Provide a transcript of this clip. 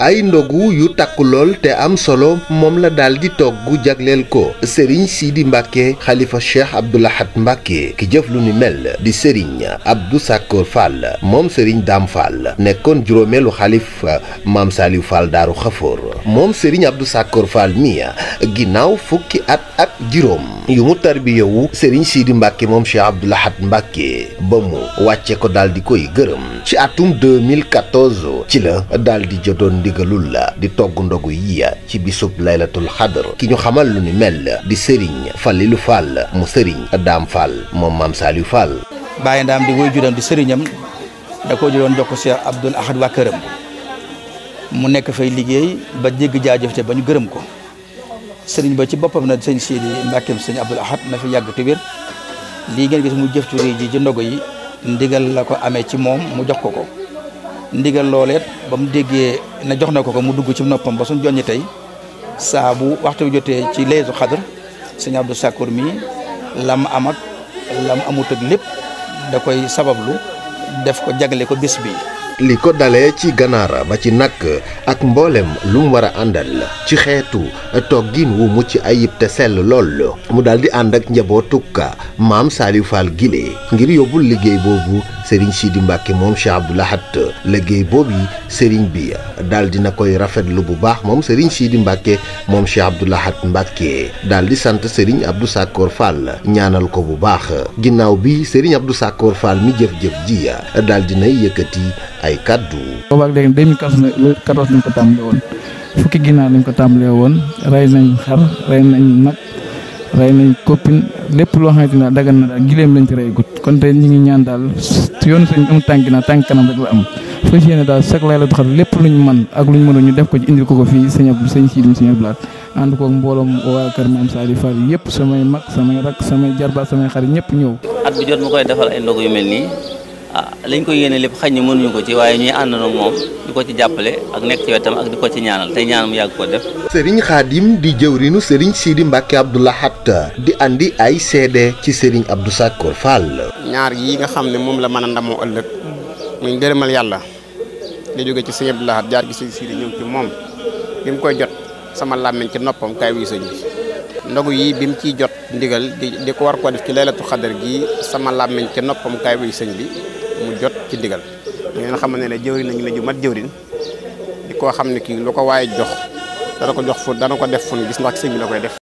ay ndogu yu takku lool te am solo moom la daal di togg jagleel ko sëriñ Sidi Mbàkke xalifa cheikh Abdoul Ahad Mbàkke ki jëf lu ni mel di sëriñ Abdou Sakkoor Fall moom sëriñ Daam Fall nekkoon juróomeelu xalif maam Saliou Fall daaru xafoor moom sëriñ Abdou Sakkoor Fall mi ginnaaw fukki at ak juróom yu mu tarbiyewu sëriñ Sidi Mbàkke moom cheikh Abdoul Ahad Mbàkke ba mu wàcce ko daal di koy gërëm ci atum 2014 ci la daal di jotoon ndigalul la di togg ndogu yi ci bisub laylatul xadr ki ñu xamal lu ni mel di sëriñ Falilu Fall mu sëriñ Daam Fall moom maam Saliou Fall bàyyi ndaam di woy juram di sëriñam da ko jëloon jox ko Cheikh Abdoul Ahad waa mu nekk fay liggéey ba jégg jaajëfte ba ñu gërëm ko sëriñ ba ci boppam na sëñ Sidi Mbàkkeem sëñ Abdoul Ahad na fi yàgg te lii ngeen gis mu jëf ci réew ji ci ndogo yi ndigal la ko amee ci moom mu jox ko ko ndigal looleet ba mu déggee na jox na ko ko mu dugg ci noppam ba suñ joññi tey saa bu waxtu bi jotee ci leesu xadr sëñ Abdou Sakkour mi lam am ak lam amut ak lépp da koy sabablu def ko jagle ko bés bi li ko dalee ci ganaara ba ci nag ak mboolem lum mu war a àndal ci xeetu toggin wu mucc ayib te sell lool mu daldi ànd ak njabootu maam Saliou Fall Guilé ngir yóbbul liggéey boobu Serigne Sidi Mbacke moom Cheikh Abdou Lahad liggéey boobu Serigne bi daal na koy rafetlu bu baax moom Serigne Sidi Mbacke moom Cheikh Abdou Lahad Mbacke daal di sant Serigne Abdou Sakkoor Fall ñaanal ko bu baax ginnaaw bi Serigne Abdou Sakkoor Fall mi jëf-jëf ji daal dinay yëkkati ay kaddu. boobaag léegi 2014 lañ ko tàmbalee woon fukki ginnaar lañ ko tàmbalee woon rey nañ xar rey nañ nag. rey nañ koppin lépp loo xamante ne dagan na daal gileem lañ ci rey gut kon tey ñu ngi ñaan daal yoonu sëñ am tànki na tànk kanam rek la am fas yéene daal chaque lay la doxal lépp luñ man ak luñ mënul ñu def ko ci indil ko ko fii sëñ sëñ siidim sëñ blaat ànd koog mbooloom waa kër maam Saliou Fall yëpp samay mag samay rak samay jarbaat samay xarit ñëpp ñëw at bu jot mu koy defal ay ndogu yu mel nii ah lañ ko yéene lépp xañ na mënuñu ko ci waaye ñuy àndandoo moom di ko ci jàppale ak nekk ci wetam ak di ko ci ñaanal tey ñaanam yàgg ko def. Serigne Khadim di jëwriñu Serigne Sidi Mbacke Abdou Lahat di andi ay seede ci Serigne Abdou Sakor Fall. ñaar yi nga xam ne moom la mën a ndamoo ëllëg muy ngërëmal yàlla di jóge ci Serigne Abdou Lahat jaar gi Serigne Sidi ñëw ci moom bi mu koy jot sama làmmiñ ci noppam kaay wuyu sëñ bi. ndogu yi bi mu ciy jot ndigal di ko war koo ci laylatu xadar gi sama làmmiñ ci noppam kaay sëñ bi. mu jot ci ndigal ngeen xam ne ne jëwriñ nañu la ju mat jëwriñ di koo xam ne kii lu ko waaye jox dana ko jox fu dana ko def fun gis ndax sëñ bi la koy def